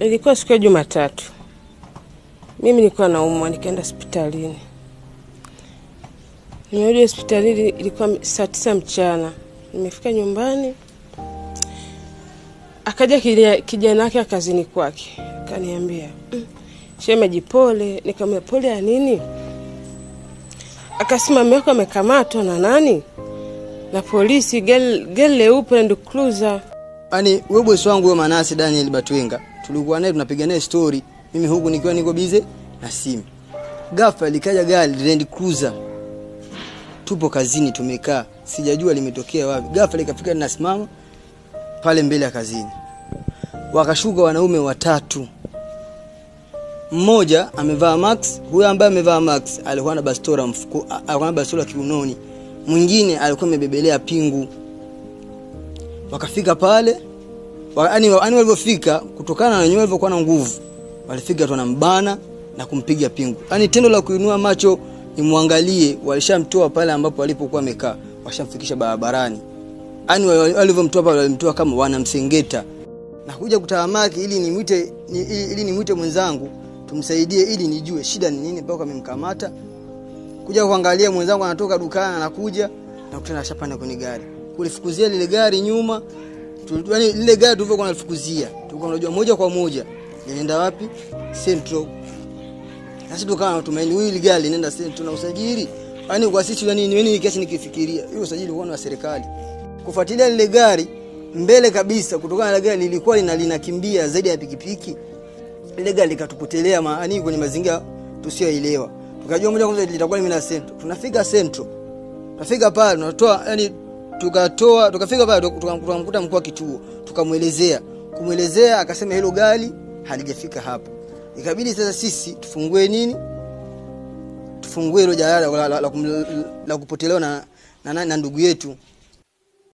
Ilikuwa siku ya Jumatatu, mimi nilikuwa naumwa, nikaenda hospitalini. Nimerudi hospitalini, ilikuwa saa tisa mchana. Nimefika nyumbani, akaja kijana wake akazini kwake, akaniambia mm, shemeji, pole. Nikamwambia pole ya nini? Akasema mume amekamatwa na nani? Na polisi, gari leupe Land Cruiser. Yaani wewe bosi wangu wewe Manasi Daniel Batwinga tulikuwa naye tunapiga naye story, mimi huku nikiwa niko bize na simu. gafa likaja gari Land Cruiser, tupo kazini, tumekaa sijajua limetokea wapi. gafa likafika linasimama pale mbele ya kazini, wakashuka wanaume watatu mmoja amevaa max, huyo ambaye amevaa max alikuwa na bastola mfuko, alikuwa na bastola kiunoni, mwingine alikuwa amebebelea pingu. Wakafika pale yani walivyofika kutokana na wenyewe walivyokuwa na nguvu walifika tu wanambana na kumpiga pingu yani tendo la kuinua macho imwangalie walishamtoa pale ambapo walipokuwa amekaa washamfikisha barabarani yani walivyomtoa pale walimtoa kama wanamsengeta na kuja kutahamaki ili nimwite ni, ili nimwite mwenzangu tumsaidie ili nijue shida ni nini mpaka amemkamata kuja kuangalia mwenzangu anatoka dukani anakuja nakutana shapanda kwenye gari kulifukuzia lile gari nyuma yaani lile gari tulivyokuwa tunafukuzia tulikuwa tunajua moja kwa moja inaenda wapi Central. Sasa tukawa tunatumaini ile gari inaenda Central na usajili yaani kwa sisi yaani nini kiasi nikifikiria hiyo usajili huwa wa serikali. Kufuatilia lile gari mbele kabisa, kutokana na ile gari lilikuwa lina linakimbia zaidi ya pikipiki, ile gari likatupotelea maani kwenye mazingira tusioelewa tukajua moja kwa moja litakuwa limeenda Central. Tunafika Central, tunafika pale tunatoa yani tukatoa tukafika pale tukamkuta mkuu wa kituo tukamwelezea kumwelezea akasema hilo gari halijafika hapo ikabidi sasa sisi tufungue nini tufungue hilo jalada la, la, la, la, la kupotelewa na, na, na, na ndugu yetu